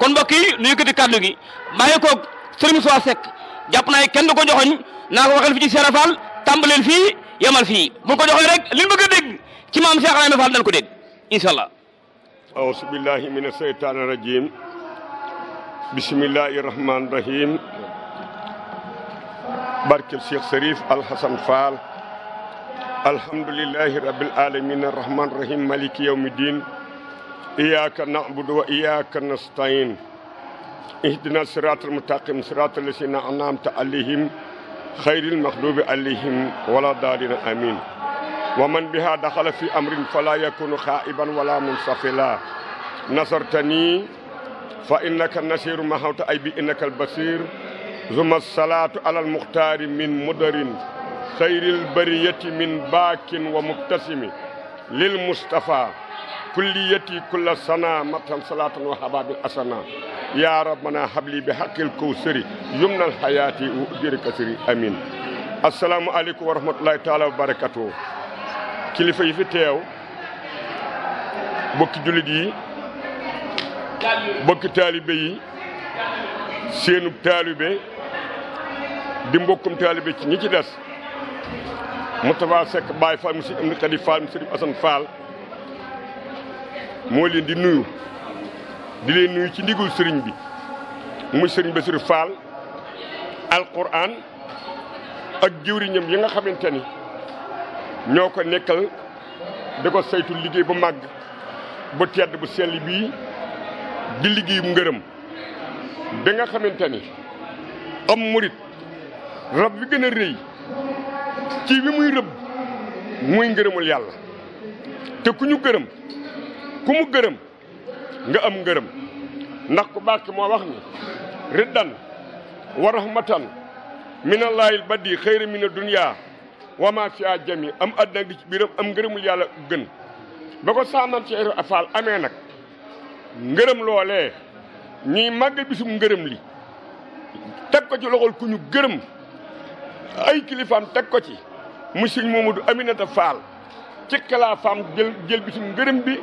kon mbokk yi nu yëkkati kàddu gi bàyyi ko Serigne Moussa Seck jàpp kenn du ko joxoñ naa ko waxal fi ci Serap Fall tàmbaleel fii yemal fii bu ko joxoñ rek li ñu bëgg a ci maam Cheikh Ibrahima Fall dañ ko dégg incha allah. auzu billahi mina shaytaani rajim bismillahi rahmaani rahim barkeb Cheikh Serif Al Hasan Fall alhamdulillahi rabbil alamin arrahmaani rahim maliki yawmi diin إياك نعبد وإياك نستعين اهدنا الصراط المستقيم صراط الذين أنعمت عليهم خير المغضوب عليهم ولا الضالين آمين ومن بها دخل في أمر فلا يكون خائبا ولا منصفلا نصرتني فإنك النصير ما حوت أي بإنك البصير ثم الصلاة على المختار من مدر خير البرية من باك ومبتسم للمصطفى kulliyati kulla sana matan salatan wa hababil asana ya rabbana habli bi haqqil kawsari yumnal hayati wa ujri kasri amin asalaamu aleykum wa rahmatullahi taala wa barakatuh kilifa yi fi teew bokki jullit bokki taalibe yi taalibe di taalibe ci des Moustapha Seck Baye Fall mu si am ni Xadi Fall mu Sëriñ Asan Fall moo leen di nuyu di leen nuyu ci ndigul sëriñ bi muy sëriñ Bassirou Fall alquran ak jëwriñam yi nga xamante ni ñoo ko nekkal da ko saytu liggéey bu màgg bu tedd bu sell bii di liggéey ngërëm bi nga xamante ni am murit rab bi gën a rëy ci bi muy rëbb muy ngërëmul yàlla te ku ñu gërëm ku gërëm nga am ngërëm ndax ku baax ki moo wax ni riddan wa rahmatan minallaahil badi xayri mina dunya wa ma fiha jami am àddina gi ci biiram am ngërëmul yàlla gën ba ko saamam ci eru afaal amee nag ngërëm loolee ñuy màgg bisum ngërëm li teg ko ci loxol ku ñu gërëm ay kilifaam teg ko ci mu sëñ Mamadou Aminata Fall ci kalaafaam jël jël bisum ngërëm bi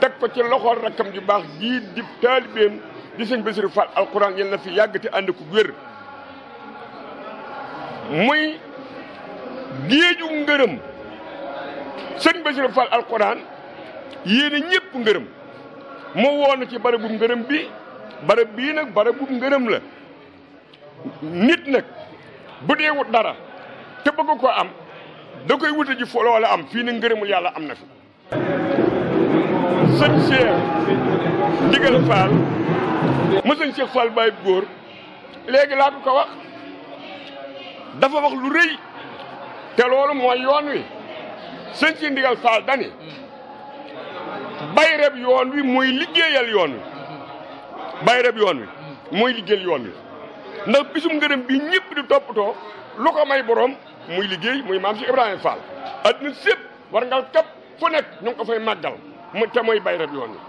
teg ko ci loxool rakkam ju baax jii di taalibeem di sëñ Basiru Fall alquran yal na fi yàgg te ànd ku wér muy géeju ngërëm sëñ Basiru Fall alquran yéene ñëpp ngërëm moo woon ci barabum ngërëm bi barab bii nag barabum ngërëm la nit nag bu dee wut dara te bëgg ko am da koy wuta ji fo am fii ne ngërëmul yàlla am na fi sëñ Ndigal Fall mu sëñ Cheikh góor léegi laa ko ko wax dafa wax lu rëy te loolu mooy yoon wi sëñ Cheikh Ndigal Fall dani bayreb yoon wi muy liggéeyal yoon wi bayreb yoon wi muy liggéeyal yoon wi ndax bisum ngërëm bi ñëpp di toppatoo lu ko may borom muy liggéey muy maam si Ibrahima Fall adduna sépp war ngal képp fu nekk ñu ngi ko mu te mooy bayrat yoon ba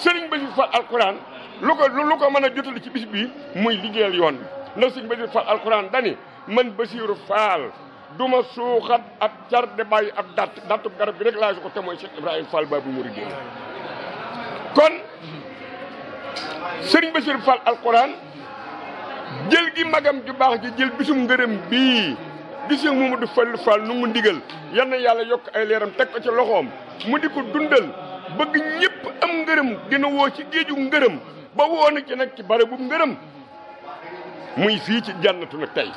sëriñ Basiru Fall alquran lu ko lu ko mën a jotali ci bis bi muy liggéeyal yoon bi ndax sëriñ Basiru Fall alquran dani man Basiru Fall du ma suuxat ab car de bàyyi ab datt dattub garab gi rek laa su ko te mooy Cheikh Ibrahima Fall Babu Mourideen kon sëriñ Basiru Fall alquran jël gi magam ju baax ji jël bisum ngërëm bii di Cheikh Mamadou Fall Fall nu mu ndigal yal na yàlla yokk ay leeram teg ko ci loxoom mu di ko dundal bëgg ñëpp am ngërëm dina woo ci géeju ngërëm ba woona ci nag ci bare bu ngërëm muy fii ci jànnatu nag tey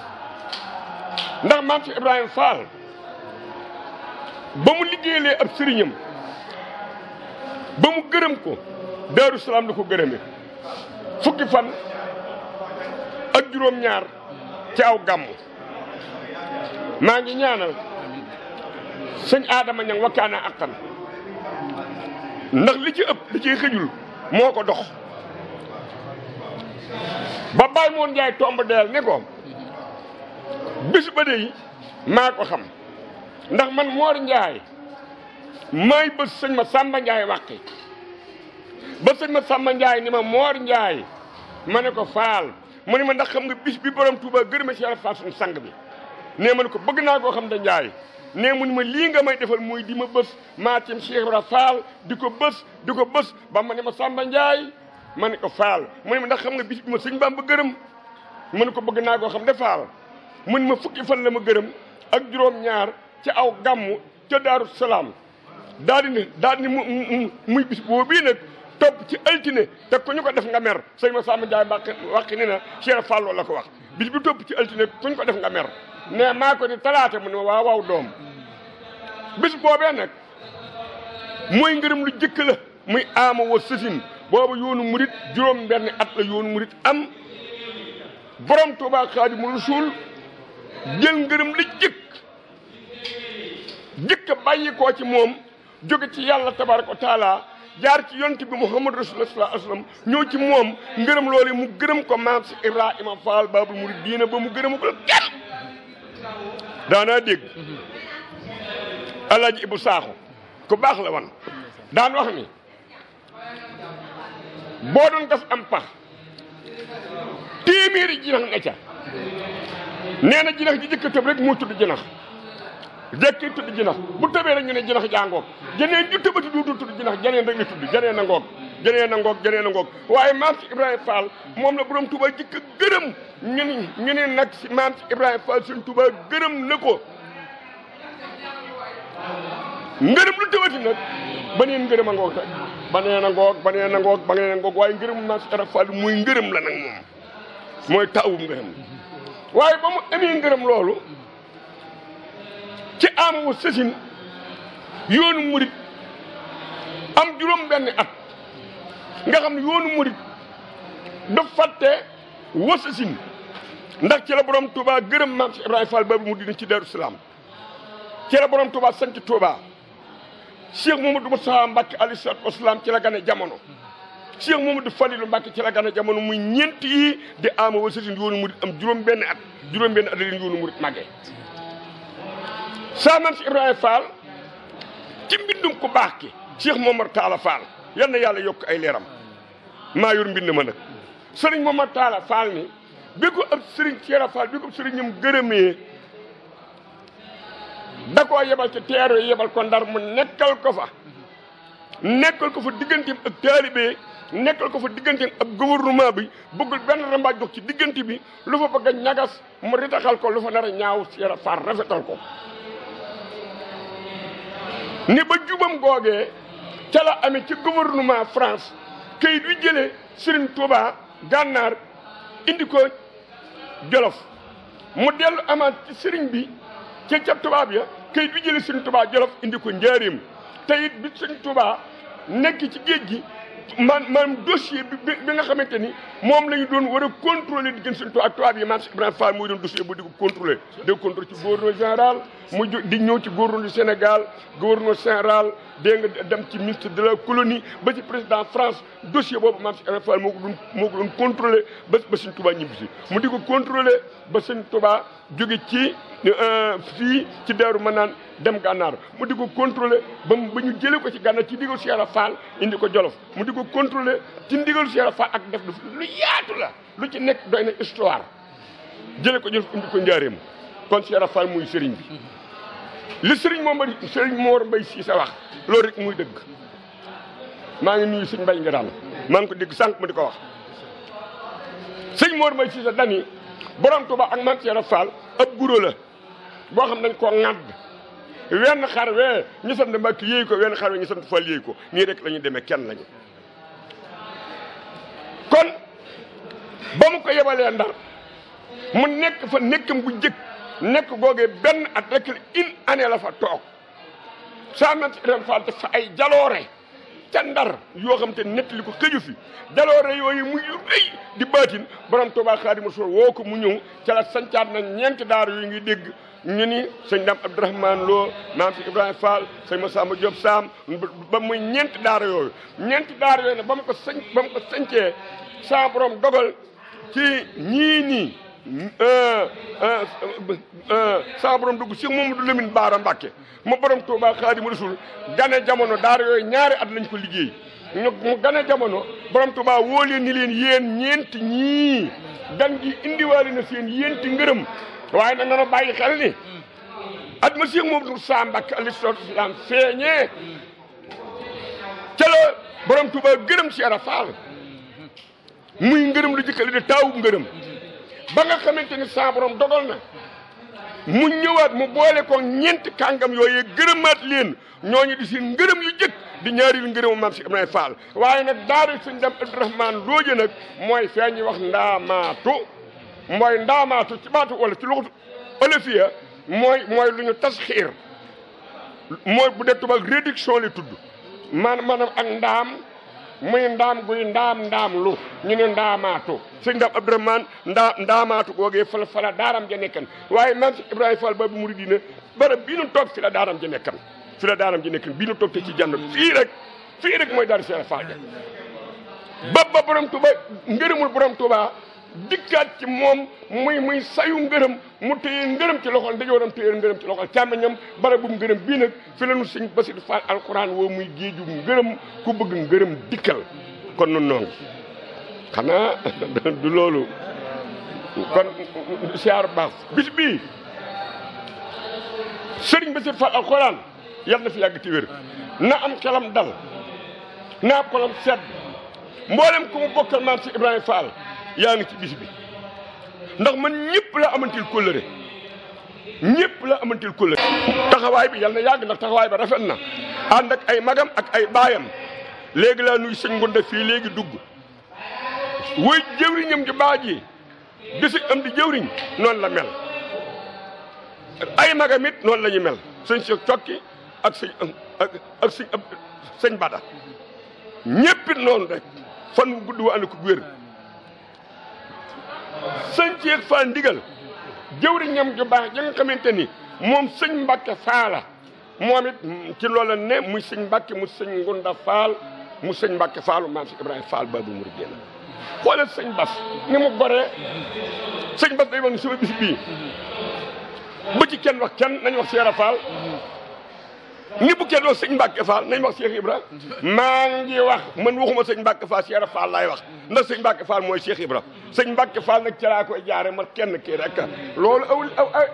ndax maam ci Ibrahima Fall ba mu liggéeyalee ab sëriñam ba mu gërëm ko Daaru Salaam la ko gërëme fukki fan ak juróom-ñaar ci aw gàmmu maa ngi ñaanal sëñ Adama ñang wakkaana akkan ndax li ci ëpp li ciy xëjul moo ko dox ba Baye Moon Njaay tomb deel ne ko bis ba dey maa ko xam ndax man Moor Njaay maay bés sëñ ma Samba Njaay wàqi ba sëñ ma Samba Njaay ni ma Moor Njaay ma ne ko faal mu ne ma ndax xam nga bis bi borom Touba gërëma si yàlla faal suñu sang bi nee ma ne ko bëgg naa koo xam da Njaay nee mun ma lii nga may defal mooy di ma bës maa cim Cheikh Ibra Faal di ko bës di ko bës ba ma ne ma Samba Ndiaye ma ni ko Faal mu ne ma ndax xam nga bis bi ma sëñ Bamba gërëm mu ne ko bëgg naa koo xam ne Faal mun ma fukki fan la ma gërëm ak juróom-ñaar ci aw gàmmu ca Daaru Salaam daal di ne daal di ne muy bis boobu bii nag topp ci altine te ku ñu ko def nga mer sëñ ma Samba Ndiaye mbàq wàq ni na Cheikh Faal la ko wax bis bi topp ci altine ku ko def nga mais maa ko di talaata mu ne waa doom bis boobee nag mooy ngërëm lu jëkk la muy aama wa sësin boobu mu murit juróom benn at la yoonu murit am borom Tuubaa Xaadimu Rasuul jël ngërëm la jëkk jëkk bàyyi koo ci moom jóge ci yàlla tabaaraka wa taala jaar ci yont bi Muhammad Rasulullah sallallahu alayhi wasallam ñëw ci moom ngërëm loolu mu gërëm ko maam si Ibrahima Fall Baabul Muridiina ba mu gërëm ko kenn daanaa dégg alaaji ibu saaxu ku baax la wan daan wax ni boo doon gas am pax téeméeri jinax nga ca nee na jinax ji jëkk tëb rek moo tudd jinax jëkki tudd jinax bu tëbee rek ñu ne jinax jaa ngoog jeneen ju tëbati du tudd jinax jeneen rek la tudd jeneen ngoog jënee na ngoog jënee waaye maam si Ibrahima Fall moom la borom Touba jëkk gërëm ñu ni ñu ni nag si maam si Ibrahima Fall suñ Touba gërëm na ko lu tëbati nag ba neen ngërëm a ngoog nag ba nee na ngoog ba nee na ngoog ba na ngoog waaye ngërëm maam si Ibrahima muy ngërëm la nag moom mooy taawum ngërëm waaye ba mu amee loolu ci am wu sësin yoonu murit am juróom benn at nga xam ne yoonu murit daf fàtte ndax ci la borom Touba gërëm maam Cheikh Ibrahima Fall baabu mu dina ci Daaru Salaam ci la borom Touba sant Touba Cheikh Mamadou Moustapha Mbacke alayhi salaatu wasalaam ci la gane jamono. Cheikh Mamadou Falilu Mbacke ci la gane jamono muy ñeenti yi di ama wasasin yoonu murit am juróom-benn at juróom-benn at leen yoonu murit màggee saa maam Cheikh Ibrahima Fall ci mbindum ku baax ki Cheikh Momar Talla Fall yal na yàlla yokk ay leeram. maa yor mbind ma nag sëriñ Momar Talla Fall mi bi ko ab sëriñ Thiéra Fall bi ko sëriñ ñum gërëmee da koo yebal ci teero yebal ko ndar mu nekkal ko fa nekkal ko fa digganteem ak taalibe nekkal ko fa digganteem ak gouvernement bi bëggul benn rambaaj ci diggante bi lu fa bëgg a ñagas mu ritaxal ko lu fa nar a ñaaw Thiéra Fall rafetal ko ni ba jubam googee ca la ci gouvernement France këyit wi jëlee Serigne Touba gànnaar indi ko Jolof mu dellu amaat ci Serigne bi ca tubaab ya këyit wi jëlee Serigne Touba Jolof indi ko njaareem te it bi Serigne Touba nekk ci géej gi man man dossier bi bi nga xamante ni moom la ñu doon war a contrôler di gën suñu toog ak tubaab yi maam si Ibrahima Fall muy doon dossier bu di ko contrôler de ci gouverneur général mu di ñëw ci gouverneur du Sénégal gouverneur général dégg nga dem ci ministre de la colonie ba ci président France dossier boobu maam si Ibrahima Fall moo ko doon moo ko doon contrôler ba ba suñ tubaab ñibbisi mu di ko contrôler ba suñ tubaab jóge ci euh, fii ci deeru ma naan dem gànnaar mu di ko contrôler ba ba ñu jëlee ko ci gànnaar ci diggu Cheikh Fall indi ko Jolof di ko contrôler ci ndigal Cheikh Fall ak def lu yaatu la lu ci nekk doy na histoire jële ko jël indi ko njaareem kon Cheikh Fall muy sëriñ bi li sëriñ moo mbay sëriñ Mor Mbaye Cissé wax loolu rek muy dëgg maa ngi nuyu sëñ Mbaye nga daan ko dégg sànq ma di ko wax sëñ Mor Mbaye Cissé dani borom Tuuba ak man Cheikh Fall ab guro la boo xam dañ koo ŋàdd wenn xar wee ñu sant Mbàkke yéey ko wenn xar wee ñu sant Fall yéey ko nii rek la ñu demee kenn lañu ba mu ko yebalee ndar mu nekk fa nekkam bu jëkk nekk googee benn at rek une année la fa toog saamante itam faal def fa ay jaloore ca ndar yoo xam te nettali ko xëju fi jaloore yooyu mu rëy di baatin borom Tuubaa Xaadimu Rasuul woo ko mu ñëw ca la sancaat na ñeent daar yu ngi dégg ñu ni sëñ Dame Abdourahmane Lo maam fi Ibrahima Fall sëñ Massamba Diop Sam ba muy ñeenti daara yooyu ñeenti daara yooyu nag ba mu ko sañ ba mu ko ci ñii nii euh, euh, euh, saa borom dugg si moom du Lamine Baara Mbàkke ma borom Tuubaa Xaadimu Rasuul gane jamono daara yooyu ñaari at lañ ko liggéey mu gane jamono borom Tuubaa woo leen ni leen yéen ñeenti ñii gan gi indiwaale na seen yéenti ngërëm waaye nag nana bàyyi xel ni at ma si moom du saa Mbàkke alayhi salaatu wasalaam feeñee ca la borom Tuubaa gërëm si Ibra muy ngërëm lu jëkkale di taawu ngërëm ba nga xamante ni saa borom dogal na mu ñëwaat mu boole ko ñeenti kàngam yooyu gërëmaat leen ñooñu di si ngërëm yu jëkk di ñaari yu ngërëmu maam si Ibrahima Fall waaye nag daara suñ dem Abdourahmane looje nag mooy fee ñuy wax ndaamaatu mooy ndaamaatu ci baatu wala ci luxatu olofiya mooy mooy lu ñu tas xiir mooy bu dee tubal réduction li tudd man maanaam ak ndaam muy ndaam guy ndaam ndaam lu ñu ne ndaamaatu sëñ ndaam Abdourahmane ndaa ndaamaatu googee fal fala daaram ja nekkan waaye maam si Ibrahima Fall baabu muridina barab bii nu toog fi la daaram ja nekkan fi la daaram ja nekkan bii nu toog te ci jànn fii rek fii mooy daara Cheikh Fall ja ba ba borom Touba ngërëmul borom Touba dikkaat ci moom muy muy sayu ngërëm mu téye ngërëm ci loxol ndeyjooram téye ngërëm ci loxol càmmeñam barabum ngërëm bii nag fi lañu sëñ Bassirou Fall alxuraan woo muy géeju ngërëm ku bëgg ngërëm dikkal kon nun noo xanaa du loolu kon siyaar baax bis bii sëriñ Bassirou Fall alxuraan yal na fi yàgg ci na am xelam dal na am xolam sedd mboolem ku mu bokkal maam si Ibrahima Fall yaa ngi ci bis bi ndax man ñëpp la amantil kóllëre ñëpp la amantil kóllëre taxawaay bi yàlla na yàgg ndax taxawaay ba rafet na ànd ak ay magam ak ay baayam léegi laa nuy sëñ Ngonda fii léegi dugg woy jëwriñam ji baaj yi gisi am di jëwriñ noonu la mel ay magam it noonu la mel sëñ si cokki ak sëñ ak ak sëñ bada ñëpp it noonu rek fan gudd wa ànd ko wér sëñ Ceeg Fall ndigal jëwriñam ju baax ja nga xamante ni moom sëñ Mbàkke Faala moom it ci loola muy sëñ Mbàkke mu sëñ Ngunda Faal mu sëñ Mbàkke Faalu maam si Ibrahima Fall mu Mourideen xoolal sëñ Bas ni mu goree sëñ Bas day wax ni sama bis bii bu ci kenn wax kenn nañu wax Seera Fall ñi bukkee doo sëñ Mbacke Fall nañ wax Cheikh Ibra maa ngi wax man waxuma sëñ Mbacke Fall Cheikh Fall laay wax ndax sëñ Mbacke Fall mooy Cheikh Ibra sëñ Mbacke Fall nag ca laa koy jaare man kenn kii rek loolu aw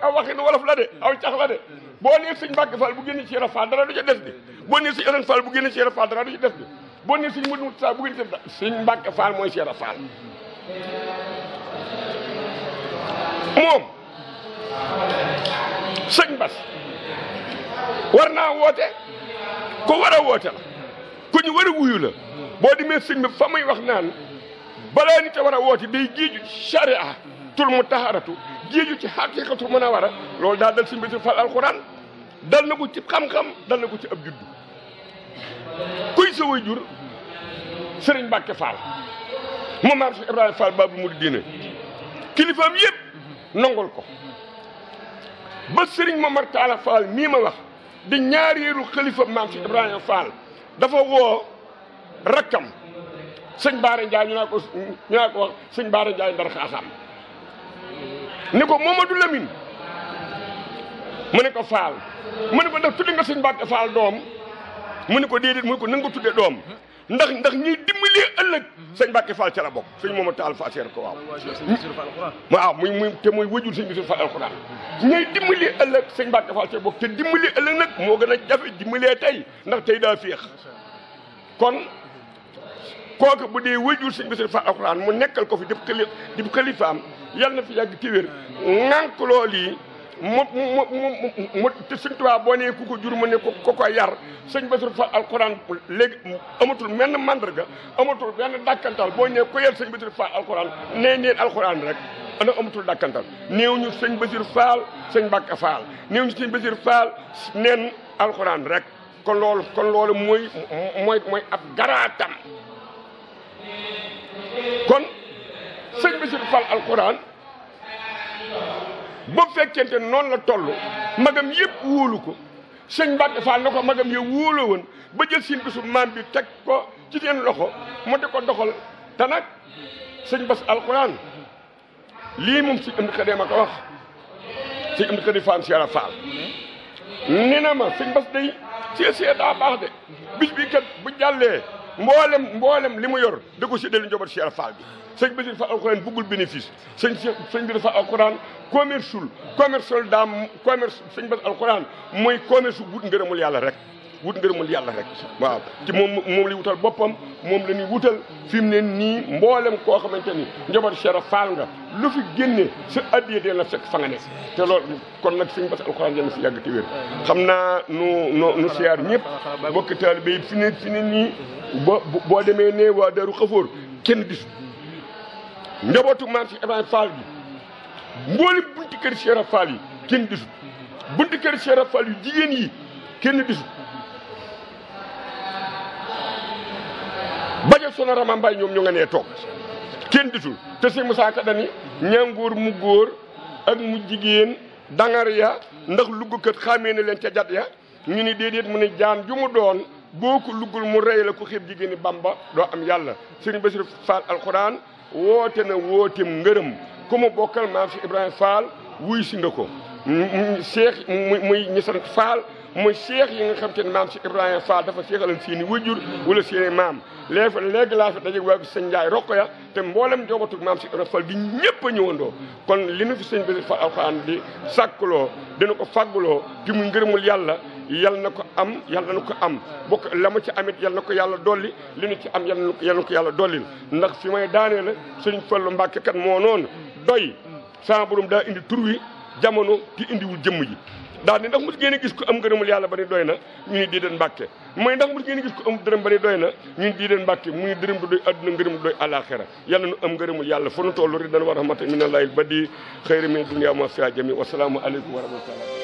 aw waxin wolof la de aw cax la de boo nee sëñ Mbacke Fall bu génne Cheikh Fall dara du ca des bi boo nee sëñ Alan Fall bu génne Cheikh Fall dara du ca des bi boo nee sëñ Modou Moussa bu génne sëñ Mbacke Fall mooy Cheikh Fall moom sëñ Bass war naa woote ku war a wootel ko ku ñu war a wuyu la boo demee sëñ bi fa muy wax naan balaa nit a war a woote day jiiju ci charia tul mu taxaratu jiiju ci xaqiqatul mën a war lool loolu daal dal sëñ bi si alxuraan dal na ko ci xam-xam dal na ko ci ab juddu kuy sa way jur sëriñ Mbàkke Fall mu maam si Ibrahima Fall Baabul Muridiina kilifaam yëpp nangul ko ba sëriñ Momar Taala Fall mii ma wax di ñaareelu xalifa maam si Ibrahima Fall dafa woo rakkam sëñ Baara Ndiaye ñu naa ko ñu naa ko wax sëñ Baara Ndiaye ndar xaaxaam ni ko Momadou Lamine mu ne ko Fall mu ne ko daf tuddi nga sëñ Mbacke Fall doom mu ne ko déedéet mu ne ko nanga tudde doom ndax ndax ñuy dimbalee ëllëg sëñ Mbàkke Fall ca la bokk sëñ Mooma Taal Fall seer ko waaw waaw ah, muy muy te mooy wajul sëñ Basiru alxuraan ñuy dimbalee ëllëg sëñ Mbàkke Fall ca bokk te dimbalee ëllëg nag moo gën a jafe dimbalee tey ndax tey daa féex kon kooku bu dee wajul sëñ Basiru Fall alxuraan mu nekkal ko fi dib këli dib këlifaam yàlla na fi yàgg téwér ŋànk lool yi mu mu mu mu te sëñ Tuubaa boo nee ko jur mu ne ko yar sëñ Bassirou Fall léegi amatul menn mandarga amatul benn dàkkantal boo nee ko sëñ Bassirou Fall alxuraan nee rek ana amatul dàkkantal néew sëñ Bassirou Fall sëñ Bakka Fall néew ñu sëñ Bassirou Fall neen rek kon loolu kon loolu mooy mooy mooy ab garaatam kon sëñ Bassirou Fall alxuraan ba fekkente noonu la toll magam yëpp wóolu ko sëñ Mbàkke Faal ko magam yo wóoloo woon ba jël seen bisu bi teg ko ci seen loxo mu di ko doxal te nag sëñ Bass alxuraan lii moom si Amdi Xaadim ma ko wax sëñ Amdi Xaadim Faal Seera Faal nee na ma sëñ Bass day see see daa baax de bis bi kat bu jàllee mboolem mboolem li mu yor da ko séddale njaboot Cheikh Fall bi sëñ bi dafa alxuraan buggul bénéfice sëñ sëñ bi dafa alxuraan commerce ul commerce ul daam commerce sëñ bi alxuraan mooy commerce wut ngërëmul yàlla rek wut ngërëmul yàlla rek waaw ci moom li lay wutal boppam moom la ñuy wutal fi mu ne nii mboolem koo xamante ni njaboot Cheikh Faal nga lu fi génne si addiya dee la fekk fa nga si te loolu kon nag si bas alxuraan yéen fi yàgg te wér xam naa nu nu siyaar ñëpp bokki taalibe yi fi ne fi ne nii boo demee ne waa Daaru Xafoor kenn gis njabootu maam si Ibrahima Fall bi mboolem bunti kër Cheikh Faal yi kenn gisul bunti kër Cheikh Faal yu jigéen yi kenn gisul ba jël sona ramambaay ñoom ñu nga nee toog kenn ditul te si Moussa Ka dani ñàngoor mu góor ak mu jigéen dangar ya ndax luggkat xàmmee ne leen ca jat ya ñu ni déedéet mu ne jaam ju mu doon boo ko luggul mu rey la ku xeeb jigéeni Bamba doo am yàlla sëriñ Bassirou Fall alxuraan woote na wootem ngërëm ku mu bokkal maam si Ibrahima Fall wuy si nga ko Cheikh muy ñi sant Fall mooy seex yi nga xam te ne maam si Ibrahima Fall dafa seexaloon seeni wajur wala seeni maam léegi léegi laa fi dajeeg waa sëñ Ndiaye ya te mboolem joobatu maam si Ibrahima Fall gi ñëpp a ñëwandoo kon li nu fi sëñ bi fa alxuraan di sàkkuloo dina ko fàgguloo di mu ngërëmul yàlla yal na ko am yal na ko am bokk la ma ci amit yal na ko yàlla dolli li nu ci am yal na ko yàlla dollil ndax si may daanee la sëñ Fallu Mbàkke kat moo noonu doy saa borom daa indi tur wi jamono te indiwul jëmm ji daal ni ndax mos ngeen a gis ko am ngërëmul yàlla ba ni doy na ñu ni déedéet mbàkke mooy ndax mos ngeen a gis ko am dërëm ba ni doy na ñu ni déedéet mbàkke mu ni dërëm du doy àdduna ngërëm du doy àlaaxira yàlla nu am ngërëmul yàlla fu nu toll ri dan wa rahmata min allaahil badi xayri min dunya ma fiha jami wasalaamu aleykum wa rahmatullah